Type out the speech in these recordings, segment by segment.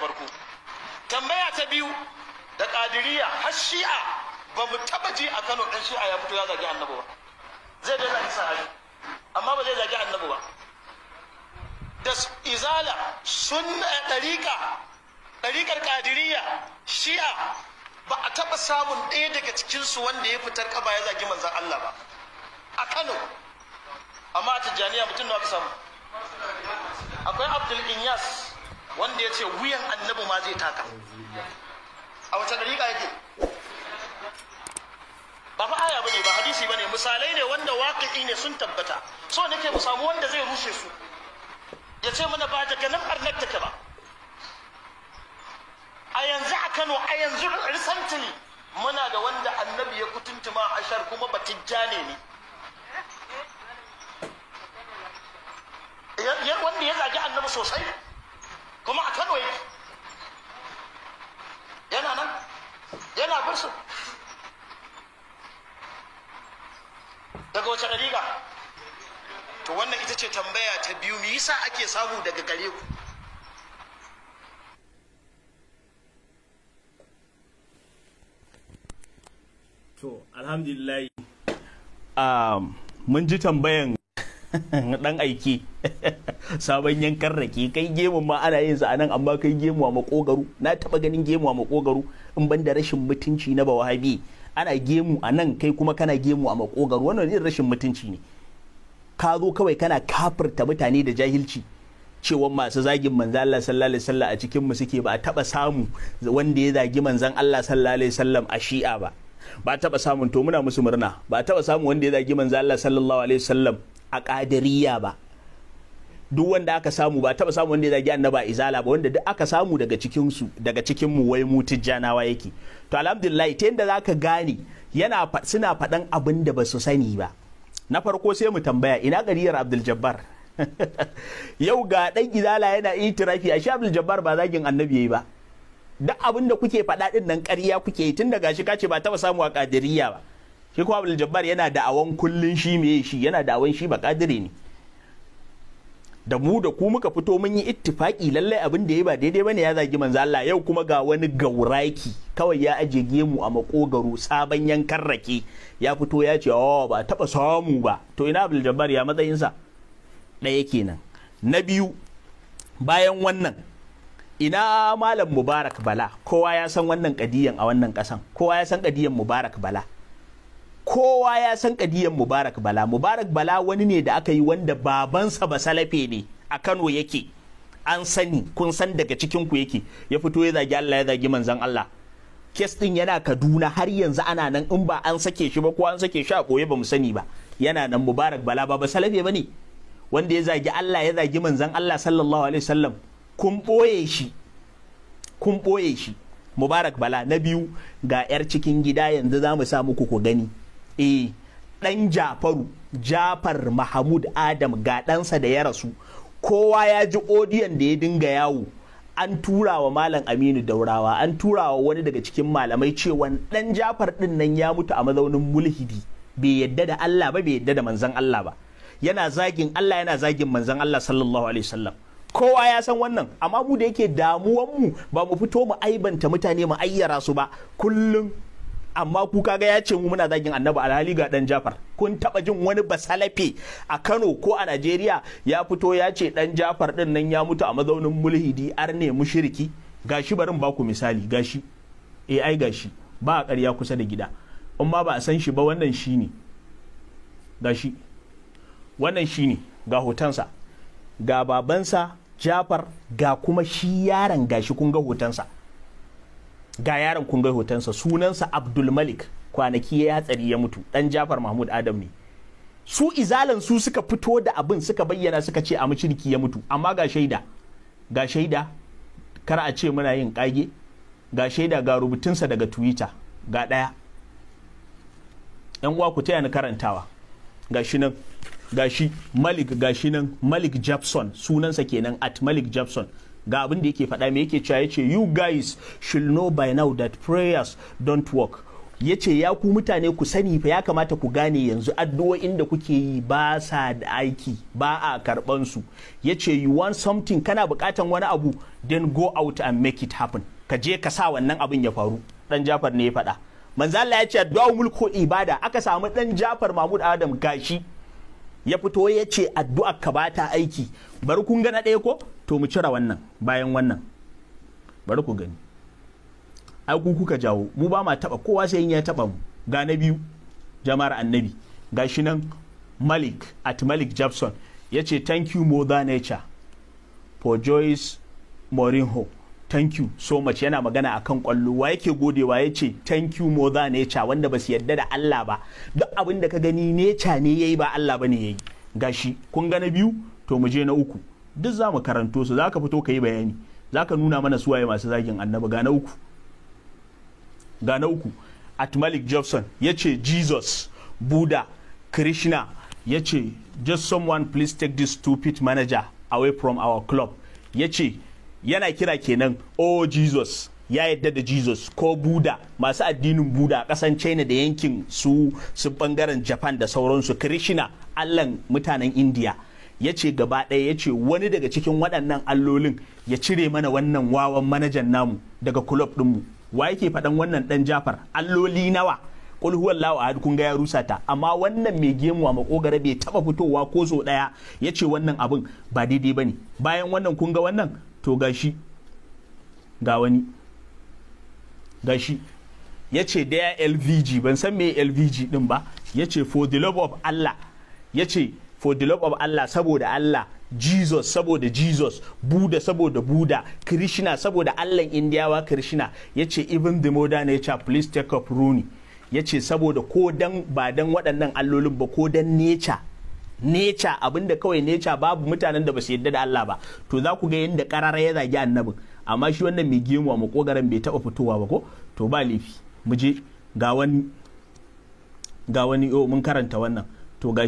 farko tambaya ta biyu da kadiriya har shi'a ba mu taɓa ji a kano dan shi'a ya fito ya zagi annabi ba zai dai zagi sahabi amma ba zai zagi annabi ba da izala sunna eh, ɗariƙa ɗariƙar kadiriya shi'a ba a taɓa samun ɗaya daga cikinsu wanda ya fitar kaba ya zagi manzan Allah ba a Kano amma a Tijjaniya mutum da aka samu akwai Abdul Inyas wanda ya ce wuyan annabi ma zai taka a wace dariƙa yake ba fa aya bane ba hadisi bane misalai ne wanda waƙi'i ne sun tabbata so nake mu samu wanda zai rushe su ya ce mana ba daga nan arnar take ba a yanzu a Kano a yanzu recently muna da wanda annabi ya kutuntuma a ashar kuma batijjane ne wanda ya zagi annabi sosai kuma a kano yake yana nan yana bursu daga wace ɗariga to wannan ita ce tambaya ta biyu me yasa ake samu daga gare ku to alhamdulillah um, mun ji tambayan ɗan aiki sabon yankan rake kai gemun ma ana yin sa a nan amma kai gemu a makogaro na taba ganin gemu a makogaro in ban da rashin mutunci na bawahabi ana gemu a nan kai kuma kana gemu a makogaro wannan irin rashin mutunci ne ka zo kawai kana kafirta mutane da jahilci cewa masu zagin manzan Allah sallallahu alaihi wasallam a cikin mu suke ba a taba samu wanda ya zagi manzan Allah sallallahu alaihi wasallam a shi'a ba ba taba samun to muna musu murna ba taba samun wanda ya zagi manzan Allah sallallahu alaihi wasallam a qadariya ba duk wanda aka samu ba taba samu wanda ya zagi annaba izala ba wanda duk aka samu daga cikin su daga cikin mu wai mu tijjanawa yake to alhamdulillah ta yanda zaka gane yana suna faɗan abin da ba su sani ba na farko sai mu tambaya ina gariyar Abdul Jabbar yau ga dan izala yana itirafi ashe Abdul Jabbar ba zagin annabi yayi ba duk abin da kuke faɗa din nan ƙarya kuke yi tun daga shi kace ba taba samu a kadiriya ba shi kuma Abdul Jabbar yana da'awan kullun shi me shi yana da'awan shi ba kadiri ne da mu da ku muka fito mun yi ittifaki lallai abin da ya ba daidai bane ya zagi manzo Allah yau kuma ga wani gauraki kawai ya aje gemu a makogaro sabon yankan rake ya fito ya ce oh ba taba samu ba to ina abul Jabbar ya matsayin matsayinsa ɗaya kenan na biyu bayan wannan ina malam Mubarak Bala kowa ya san wannan kadiyan a wannan kasan kowa ya san kadiyan Mubarak Bala kowa ya san kadiyan mubarak bala mubarak bala wani ne da aka yi wanda babansa ba salafe ne a kano yake an sani kun san daga cikin ku yake ya fito ya zagi allah ya zagi manzan allah kes din yana kaduna har yanzu ana nan in ba an sake shi ba ko an sake shi a koye ba mu sani ba yana nan mubarak bala ba salafe ba ne wanda ya zagi allah ya zagi manzan allah sallallahu alaihi wasallam kun boye shi kun ɓoye shi mubarak bala na biyu ga 'yar cikin gida yanzu za mu sa muku ku gani eh dan jafaru jafar mahmud adam ga ɗansa da ya rasu kowa ya ji odiyon da ya dinga yawo an tura wa malam aminu daurawa an tura wa wani daga cikin malamai cewa dan jafar din nan ya mutu a mazaunin mulhidi bai yadda da Allah ba bai yadda da manzon Allah ba yana zagin Allah yana zagin manzon Allah sallallahu alaihi wasallam kowa ya san wannan amma mu da yake damuwan mu ba mu fito mu aibanta mutane mu ayyara su ba kullum amma ku kaga ya ce mu muna zagin annabi alhali ga dan jafar kun taba jin wani basalafe a kano ko a najeriya ya fito ya ce dan jafar din nan ya mutu a mazaunin mulhidi ar ne mushriki gashi barin baku misali gashi eh ai gashi ba a ƙarya kusa da gida in ma ba a san shi ba wannan shi ne gashi wannan shi ne ga hotonsa ga babansa jafar ga kuma shi yaron gashi kun ga hotonsa ga yaron kun hotonsa sunansa abdul malik kwanaki ya hatsari ya mutu dan jafar mahmud adam ne su izalan su suka fito da abin suka bayyana suka ce a mushriki ya mutu amma ga shaida ga shaida kar a ce muna yin kage ga shaida ga rubutunsa daga twitter ga ɗaya yan uwa ku taya ni karantawa ga shi nan gashi malik gashi nan malik jepson sunansa kenan at malik jepson ga abin da yake faɗa me yake cewa yace you guys should know by now that prayers don't work yace ya ku mutane ku sani fa ya kamata ku gane yanzu addu'o'in da kuke yi ba sa da aiki ba a karban su yace you want something kana bukatan wani abu then go out and make it happen ka je ka sa wannan abin ya faru dan Jafar ne ya faɗa manzo Allah ya ce addu'a mulku ibada aka samu dan Jafar Mahmud Adam gashi ya fito ya ce addu'a ka ba ta aiki bari kun gana ɗaya ko to mu cira wannan bayan wannan bari ku gani ai ku kuka jawo mu ba ma taba kowa sai ya taba mu ga na biyu jama'ar annabi ga shi nan malik at malik jabson ya ce thank you mother nature for joyce morinho thank you so much yana magana akan kwallo wa yake godewa ya ce thank you mother nature wanda ba su yadda da Allah ba duk abin da ka gani nature ne yayi ba Allah bane yayi gashi kun ga na biyu to mu je na uku duk za mu karanto su zaka fito ka yi bayani zaka nuna mana suwaye masu zagin annabi ga na uku ga na uku at Malik Jobson ya ce Jesus Buddha Krishna ya ce just someone please take this stupid manager away from our club ya ce yana kira kenan oh jesus ya yadda da jesus ko buda masu addinin buda kasan china da yankin su su bangaren japan da sauransu krishna allan mutanen india ya ce gaba ɗaya ya ce wani daga cikin waɗannan allolin ya cire mana wannan wawan manajan namu daga kulob ɗinmu wa yake faɗan wannan ɗan jafar alloli nawa kul huwallahu ahad kun ga ya rusa ta amma wannan mai gemu a makogara bai taba fitowa ko so ya ce wannan abin ba daidai bane bayan wannan kun ga wannan to gashi ga wani gashi ya ce daya lvg ban san me lvg din ba ya ce for the love of allah ya ce for the love of allah saboda allah jesus saboda jesus buda saboda buda krishna saboda allah indiyawa krishna ya ce even the modern nature please take up rooney ya ce saboda ko dan ba dan waɗannan allolin ba ko dan nature neca abinda kawai neca babu mutanen da ba su yadda da Allah ba to za ku ga yadda karara ya zagi annabin amma shi wannan mai mu kogaran bai taba fitowa ba ko to ba laifi mu je ga wani ga oh, mun karanta wannan to ga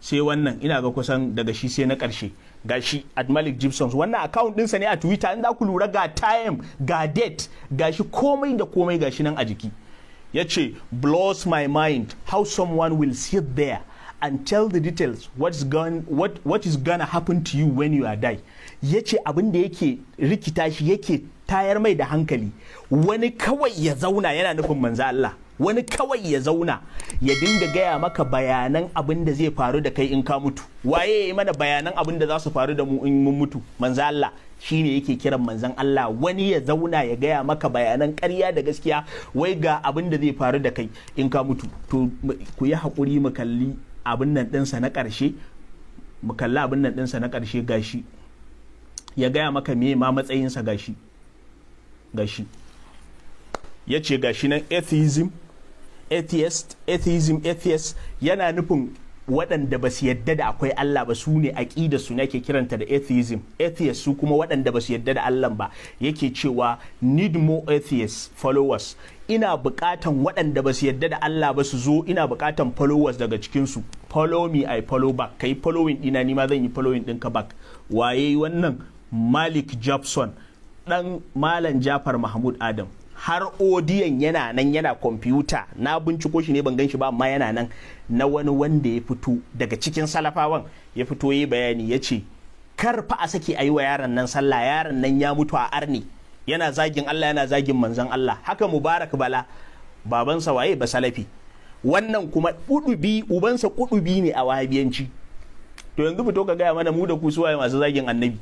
sai wannan ina ga kusan daga shi sai na karshe gashi shi at malik gibson wannan account dinsa ne a twitter in za ku lura ga time ga date ga shi komai da komai ga nan a jiki ya ce blows my mind how someone will sit there and tell the details what's going, what, what is gonna happen to you when you are die ya ce abin da yake rikita shi yake tayar mai da hankali wani kawai ya zauna yana nufin manzo Allah wani kawai ya zauna ya dinga gaya maka bayanan abin da zai faru da kai in ka mutu waye ya yi mana bayanan abin da za su faru da mu in mun mutu manzo Allah shine yake kiran manzan Allah wani ya zauna ya gaya maka bayanan karya da gaskiya wai ga abin da zai faru da kai in ka mutu to ku yi haƙuri mu kalli abin nan ɗinsa na ƙarshe mu kalli abin nan ɗinsa na ƙarshe gashi ya gaya maka me ma matsayinsa gashi gashi ya ce gashi nan atheism atheist atheism atheist yana nufin waɗanda ba su yadda da akwai Allah ba su ne aƙida su ne ke kiranta da atheism atheists su kuma waɗanda ba su yadda da Allah ba yake cewa need more atheists followers ina bukatan waɗanda ba su yadda da Allah ba su zo ina bukatan followers daga cikin su follow me I follow back kai following ɗina ni ma zan yi following ɗinka back waye wannan Malik Jobson ɗan Malam Jafar Mahmud Adam har odiyan yana nan yana kwamfuta na binciko shi ne ban gan shi ba amma yana nan na wani wanda ya fito daga cikin salafawan ya fito yi bayani ya ce karfa a sake a yi wa yaron nan sallah yaron nan ya mutu a arni yana zagin Allah yana zagin manzon Allah haka mubarak bala babansa waye ba salafi wannan kuma kudubi ubansa kudubi ne a wahabiyanci to yanzu fito ka gaya mana mu da ku suwaye masu zagin annabi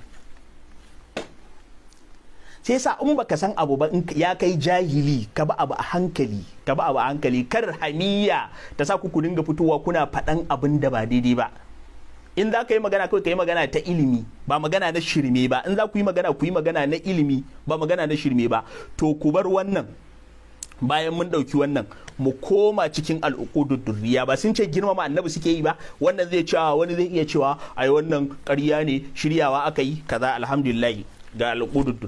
sai sa in baka san abu ba ya kai jahili ka ba abu a hankali ka ba abu a hankali kar hamiya ta sa ku dinga fitowa kuna faɗan abin da ba daidai ba in za ka yi magana kawai ka yi magana ta ilimi ba magana na shirme ba in za ku yi magana ku yi magana na ilimi ba magana na shirme ba to ku bar wannan bayan mun ɗauki wannan mu koma cikin al'uqudud ba sun ce girmama annabi suke yi ba wannan zai cewa wani zai iya cewa ai wannan ƙarya ne shiryawa aka yi kaza alhamdulillah ga al'uqudud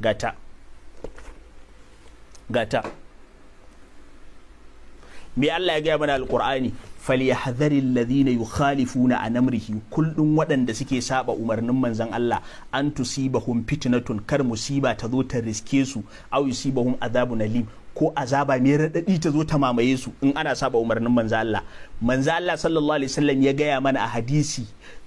gata gata me Allah ya gaya mana alqur'ani falyahdhari alladhina yukhalifuna an amrihi kullun waɗanda suke saba umarnin manzan Allah an tusibahum fitnatun kar musiba ta zo ta riske su aw yusibahum na alim ko azaba mai raɗaɗi ta zo ta mamaye su in ana saba umarnin manza Allah manzo Allah sallallahu alaihi wasallam ya gaya mana a hadisi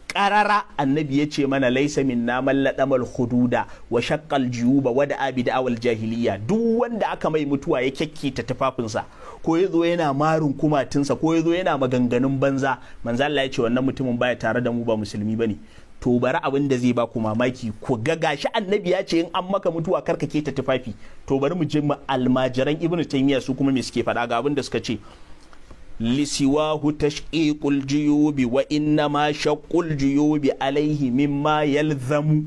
karara annabi ya ce mana laisa minna man ladamal hududa wa shaqqal juyuba wa da abi awal jahiliya duk wanda aka mai mutuwa ya ta tufafinsa ko ya zo yana marin kumatinsa ko ya zo yana maganganun banza manzo Allah ya ce wannan mutumin baya tare da mu ba musulmi bane to bari abin da zai ba ku mamaki ku ga gashi annabi ya ce in an maka mutuwa karka ta tufafi to bari mu je mu almajiran ibnu taymiya su kuma me suke faɗa ga abin da suka ce lisiwahu tashqiqul juyubi wa inna ma shaqqul juyubi alaihi mimma yalzamu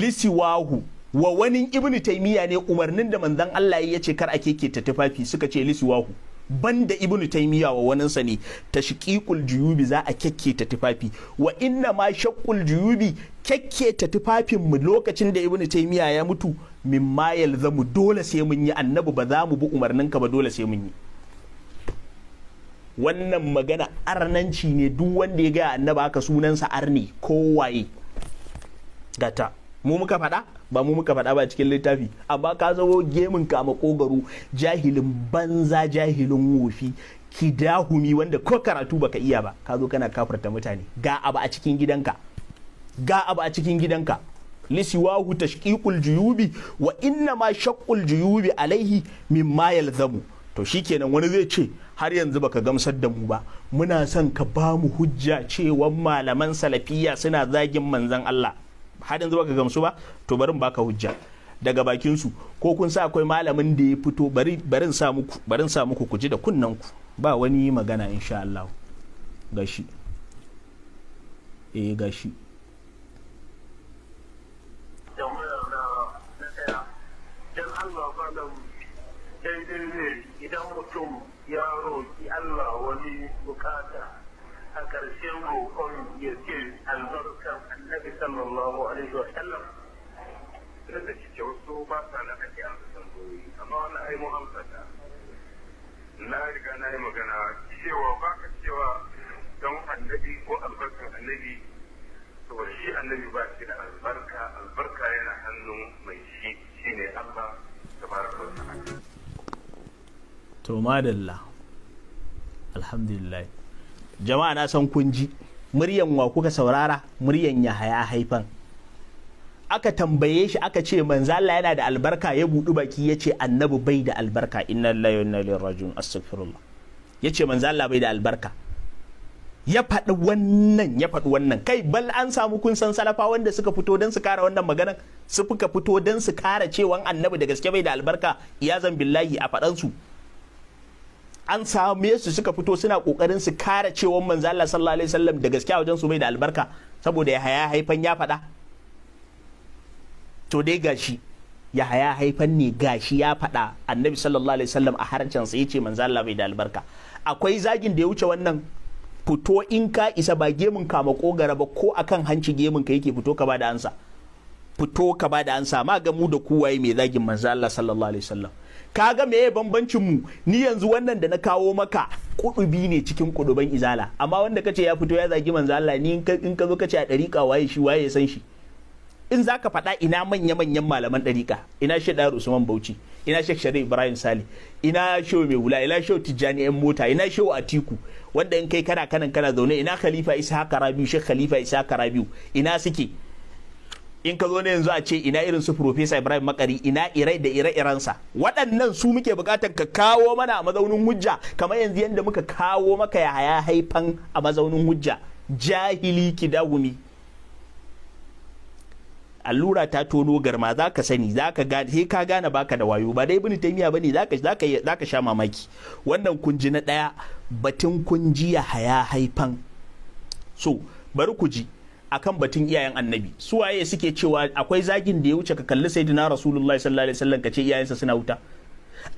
lisiwahu wa wani ibnu taymiya ne umarnin da manzon Allah ya ce kar ake ke tufafi suka ce lisiwahu banda ibnu taymiya wa waninsa ne tashqiqul juyubi za a kekketa tufafi wa inna ma shaqqul juyubi kekketa tufafinmu lokacin da ibnu taymiya ya mutu mimma yalzamu dole sai mun yi annabi ba za mu bi umarninka ba dole sai mun yi wannan magana arnanci ne duk wanda ya gaya annaba aka sunansa arni kowaye gata mu muka faɗa ba mu muka faɗa ba cikin littafi amma ka zo gemin ka makogaro jahilin banza jahilin wofi kidahumi wanda ko karatu baka iya ba ka zo kana kafarta mutane ga abu a cikin gidanka ga abu a cikin gidanka lisiwahu tashqiqul juyubi wa inna ma shaqqul juyubi alaihi mimma yalzamu to shi kenan wani zai ce har yanzu baka gamsar da mu ba muna son ka ba mu hujja cewa malaman salafiya suna zagin manzan Allah har yanzu baka gamsu ba to bari baka hujja daga bakin su ko kun sa akwai malamin da ya fito bari barin sa muku barin sa muku ku ji da kunnan ku ba wani magana insha Allah gashi eh gashi dan daidai ne idan mutum ya roƙi Allah wani bukata a ƙarshen roƙon ya ce albarkar annabi sallallahu alaihi wa sallam da cike wasu ba sa na ake amsa tambayoyi amma wani ai mu amsa na riga na yi magana cewa ba ka cewa don annabi ko albarkar annabi to shi annabi ba shi da albarka albarka yana to madalla alhamdulillah jama'a na san kun ji muryan wa kuka saurara muryan ya haya haifan aka tambaye shi aka ce manzo Allah yana da albarka ya budu baki ya ce annabi bai da albarka inna lillahi wa inna ilaihi rajiun astaghfirullah ya ce manzo Allah bai da albarka ya faɗi wannan ya faɗi wannan kai bal an samu kun san salafa wanda suka fito don su kara wannan magana su fuka fito don su kara cewa annabi da gaske bai da albarka iyazan billahi a faɗansu an same su suka fito suna kokarin su kare cewa manzo Allah sallallahu alaihi wasallam da gaskiya wajen su mai da albarka saboda ya haya haifan ya faɗa to dai gashi ya haya haifan ne gashi ya faɗa annabi sallallahu alaihi wasallam a harancin sa yace manzo Allah bai da albarka akwai zagin da ya wuce wannan fito in ka isa ba gemun ka makogara ba ko akan hanci gemun ka yake fito ka ba da ansa fito ka ba da ansa ma ga mu da kuwaye mai zagin manzo Allah sallallahu alaihi wasallam Ka ga kaga ya bambancin mu ni yanzu wannan da na kawo maka kudubi ne cikin kuduban izala amma wanda kace ya fito ya zagi manzo Allah ni in ka zo kace a dariƙa waye shi waye ya san shi in zaka faɗa ina manya manyan malaman dariƙa ina shi Daru Usman Bauchi ina Sheikh Ibrahim Sale ina Shehu Mai ina Shehu Tijjani yan mota ina Shehu Atiku wanda in kai kana kanan kana zaune ina Khalifa Isa Rabiu Sheikh Khalifa Isa Rabiu ina suke in ka zo ne yanzu a ce ina irin su Profesa Ibrahim Makari ina irai da ire iransa waɗannan su muke buƙatar ka kawo mana a mazaunin hujja kamar yanzu yadda muka kawo maka yahaya haifan a mazaunin hujja jahili kidahumi allura ta tono garma za ka sani za ka gane sai ka gane baka da wayo ba dai bini taimiya bane za za ka sha mamaki wannan kunji na ɗaya batun kunji ya haya haifan so bari ku ji akan batun iyayen annabi su waye suke cewa akwai zagin da ya wuce ka kalli sayyidina rasulullahi sallallahu alaihi wasallam kace iyayensa suna wuta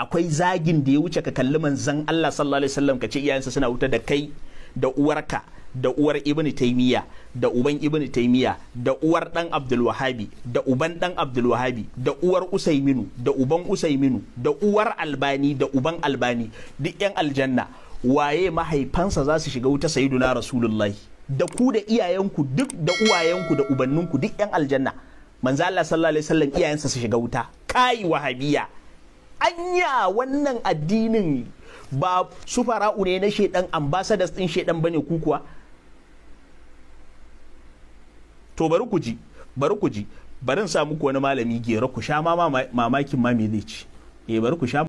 akwai zagin da ya wuce ka kalli manzon Allah sallallahu alaihi wasallam kace iyayensa suna wuta da kai da uwarka da uwar ibn taymiya da uban ibn taymiya da uwar dan abdul wahabi da uban dan abdul wahabi da uwar usaiminu da uban usaiminu da uwar albani da uban albani duk yan aljanna waye mahaifansa za su shiga wuta sayyiduna rasulullahi da ku da iyayenku duk da uwayenku da ubanninku duk yan aljanna manzo Allah sallallahu alaihi wasallam iyayensa su shiga wuta kai wahabiya anya wannan addinin ba su fara'u ne na shedan ambassadors din shedan bane ku kuwa to bari ku ji bari ku ji barin sa muku wani malami gero ku sha mamakin ma me zai ci eh bari ku sha